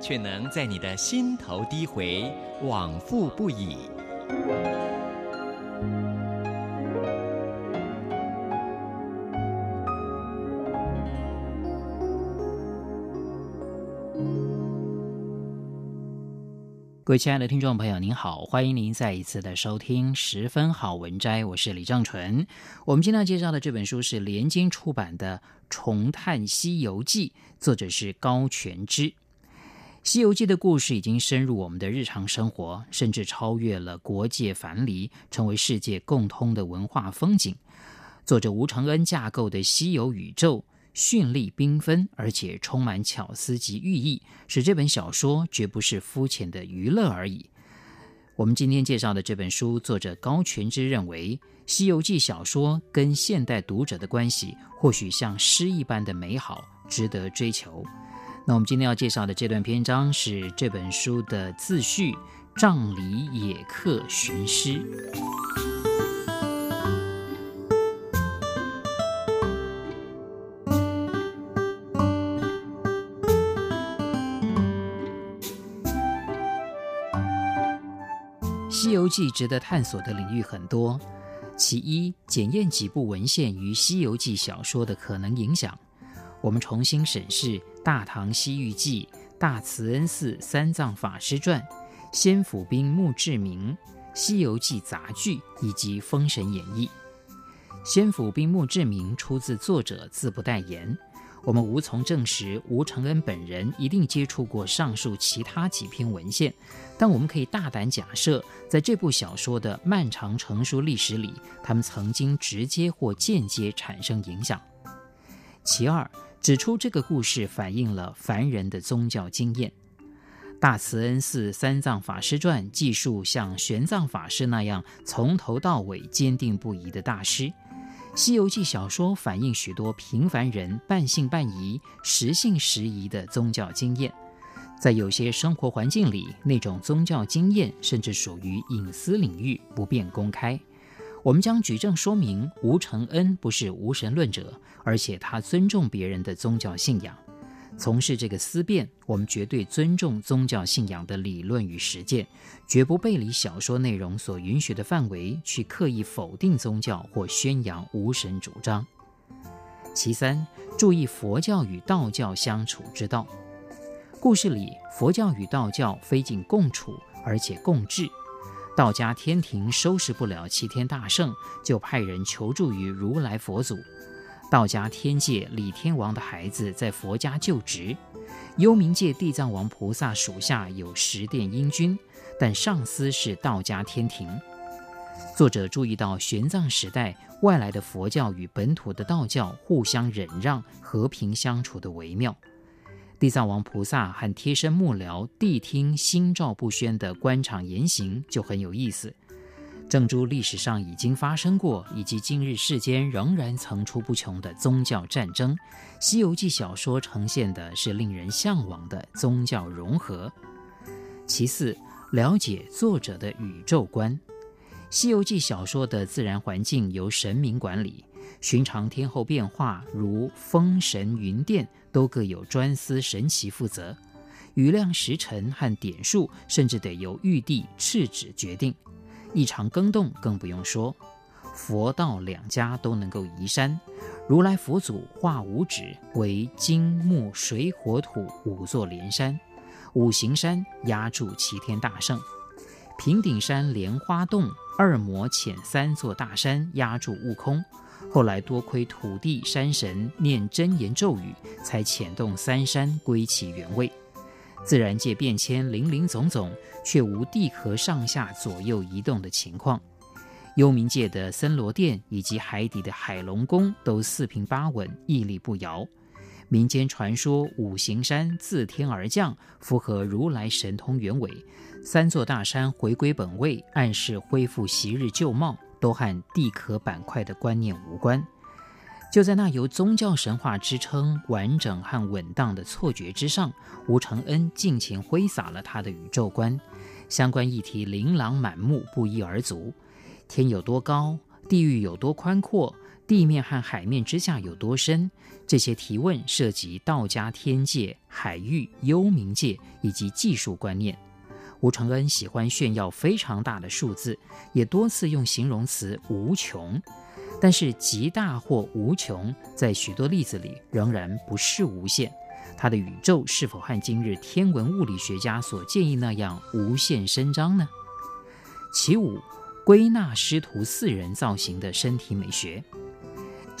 卻能在你的心頭低回，往復不已。各位親愛的聽眾朋友，您好，歡迎您再一次的收聽《十分好文摘》，我是李正淳。我們今天要介紹的這本書是聯經出版的《重探西遊記》，作者是高全之。《西遊記》的故事已經深入我們的日常生活，甚至超越了國界藩籬，成為世界共通的文化風景。作者吳承恩架、架構的西遊宇宙絢麗繽紛，而且充滿巧思及寓意，使這本小說絕不是膚淺的娛樂而已。我們今天介紹的這本書，作者高全之認為，《西遊記》小說跟現代讀者的關係，或許像詩一般的美好，值得追求。那我們今天要介紹的這段篇章是這本書的自序《杖藜野客尋詩》。《西遊記》值得探索的領域很多，其一，檢驗幾部文獻與《西遊記》小說的可能影響，我們重新審視。《大唐西域記》《大慈恩寺三藏法師傳》《先府兵墓誌銘》《西遊記》雜劇以及《封神演義》。《先府兵墓誌銘》出自作者自不待言，我們無從證實吳承恩本人一定接觸過上述其他幾篇文獻，但我們可以大膽假設，在這部小說的漫長成書歷史裡，他們曾經直接或間接產生影響。其二。指出這個故事反映了凡人的宗教經驗，《大慈恩寺三藏法師傳》記述像玄奘法師那樣從頭到尾堅定不移的大師，《西遊記》小說反映許多平凡人半信半疑、時信時疑的宗教經驗，在有些生活環境裡，那種宗教經驗甚至屬於隱私領域，不便公開。我們將舉證說明吳承恩不是無神論者，而且他尊重別人的宗教信仰。從事這個思辨，我們絕對尊重宗教信仰的理論與實踐，絕不背離小說內容所允許的範圍，去刻意否定宗教或宣揚無神主張。其三，注意佛教與道教相處之道。故事裡，佛教與道教非僅共處，而且共治。道家天庭收拾不了齊天大聖，就派人求助於如來佛祖。道家天界李天王的孩子在佛家就職。幽冥界地藏王菩薩屬下有十殿閻君，但上司是道家天庭。作者注意到玄奘時代外來的佛教與本土的道教互相忍讓、和平相處的微妙。地藏王菩薩和貼身幕僚諦聽心照不宣的官場言行就很有意思。正如歷史上已經發生過，以及今日世間仍然層出不窮的宗教戰爭，《西遊記》小說呈現的是令人向往的宗教融合。其次，了解作者的宇宙觀，《西遊記》小說的自然環境由神明管理，尋常天候變化如風神雲電都各有專司神祇負責，雨量時辰和點數甚至得由玉帝敕旨決定。異常更動更不用說，佛道兩家都能夠移山。如來佛祖化五指為金木水火土五座連山，五行山壓住齊天大聖；平頂山蓮花洞二魔遣三座大山壓住悟空。後來多虧土地山神念真言咒語，才遣動三山歸其原位。自然界變遷，林林總總，卻無地殼上下左右移動的情況。幽冥界的森羅殿以及海底的海龍宮都四平八穩，屹立不搖。民間傳說五行山自天而降，符合如來神通原委。三座大山回歸本位，暗示恢復昔日舊貌。都和地殼板塊的觀念無關。就在那由宗教神話支撐、完整和穩當的錯覺之上，吳承恩盡情揮灑了他的宇宙觀。相關議題琳琅滿目，不一而足。天有多高？地域有多寬闊？地面和海面之下有多深？這些提問涉及道家天界、海域、幽冥界以及技術觀念。吳承恩喜歡炫耀非常大的數字，也多次用形容詞“無窮”。但是“極大”或“無窮”在許多例子裡仍然不是無限。他的宇宙是否和今日天文物理學家所建議那樣無限伸張呢？其五，歸納師徒四人造型的身體美學。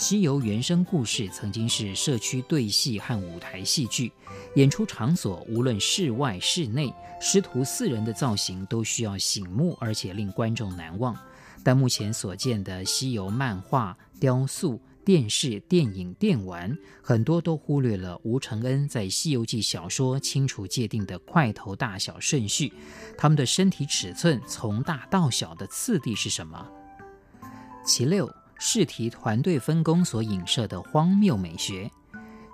《西遊》原生故事曾經是社區對戲和舞台戲劇演出場所，無論室外、室內，師徒四人的造型都需要醒目，而且令觀眾難忘。但目前所見的《西遊》漫畫、雕塑、電視、電影、電玩，很多都忽略了吳承恩在《西遊記》小說清楚界定的塊頭大小順序。他們的身體尺寸從大到小的次第是什麼？其六。試題團隊分工所影射的荒謬美學，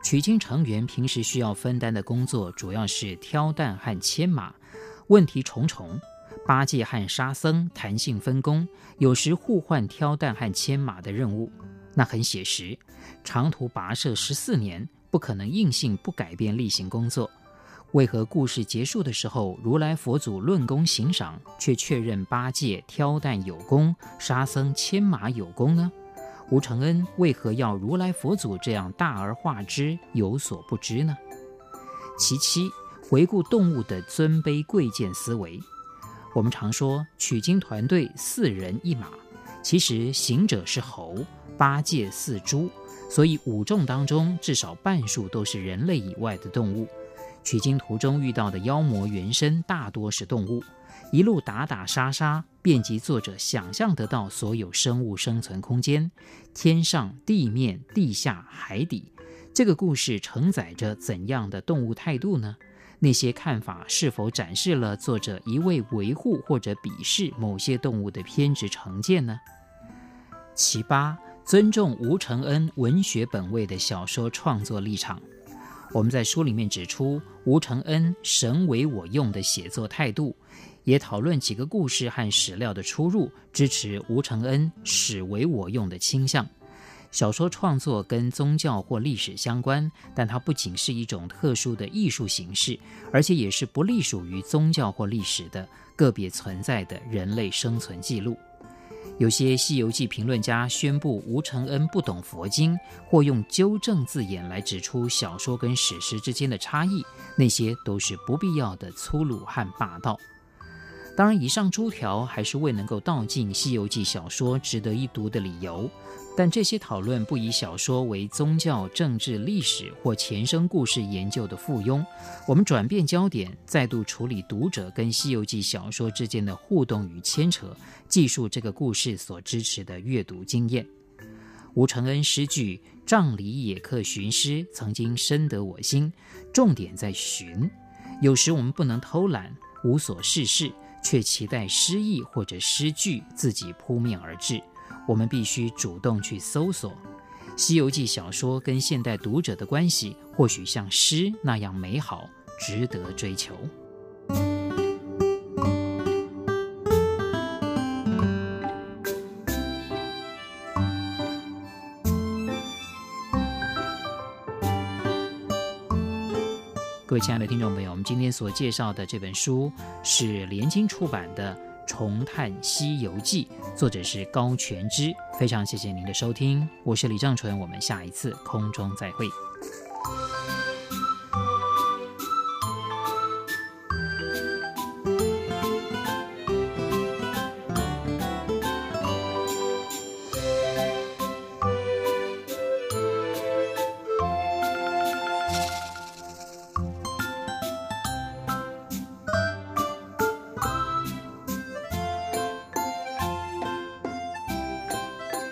取經成員平時需要分擔的工作主要是挑擔和牽馬，問題重重。八戒和沙僧彈性分工，有時互換挑擔和牽馬的任務，那很寫實。長途跋涉十四年，不可能硬性不改變例行工作。為何故事結束的時候，如來佛祖論功行賞，卻確認八戒挑擔有功，沙僧牽馬有功呢？吳承恩為何要如來佛祖這樣大而化之，有所不知呢？其七，回顧動物的尊卑貴賤思維。我們常說取經團隊四人一馬，其實行者是猴，八戒是豬，所以五眾當中至少半數都是人類以外的動物。取經途中遇到的妖魔原身大多是動物，一路打打殺殺，遍及作者想象得到所有生物生存空間，天上、地面、地下、海底。這個故事承載着怎樣的動物態度呢？那些看法是否展示了作者一味維護或者鄙視某些動物的偏執成見呢？其八，尊重吳承恩文學本位的小說創作立場。我們在書裡面指出，吳承恩“神為我用”的寫作態度，也討論幾個故事和史料的出入，支持吳承恩“史為我用”的傾向。小說創作跟宗教或歷史相關，但它不僅是一種特殊的藝術形式，而且也是不隸屬於宗教或歷史的個別存在的人類生存記錄。有些《西遊記》評論家宣布吳承恩不懂佛經，或用“糾正”字眼來指出小說跟史實之間的差異，那些都是不必要的粗魯和霸道。當然，以上諸條還是未能夠道盡《西遊記》小說值得一讀的理由。但這些討論不以小說為宗教、政治、歷史或前生故事研究的附庸。我們轉變焦點，再度處理讀者跟《西遊記》小說之間的互動與牽扯，記述這個故事所支持的閱讀經驗。吳承恩詩句“杖藜野客尋詩”曾經深得我心，重點在尋。有時我們不能偷懶，無所事事。卻期待詩意或者詩句自己撲面而至，我們必須主動去搜索。《西遊記》小說跟現代讀者的關係，或許像詩那樣美好，值得追求。各位親愛的聽眾朋友，我們今天所介紹的這本書是聯經出版的《重探西遊記》，作者是高全之。非常謝謝您的收聽，我是李杖淳，我們下一次空中再會。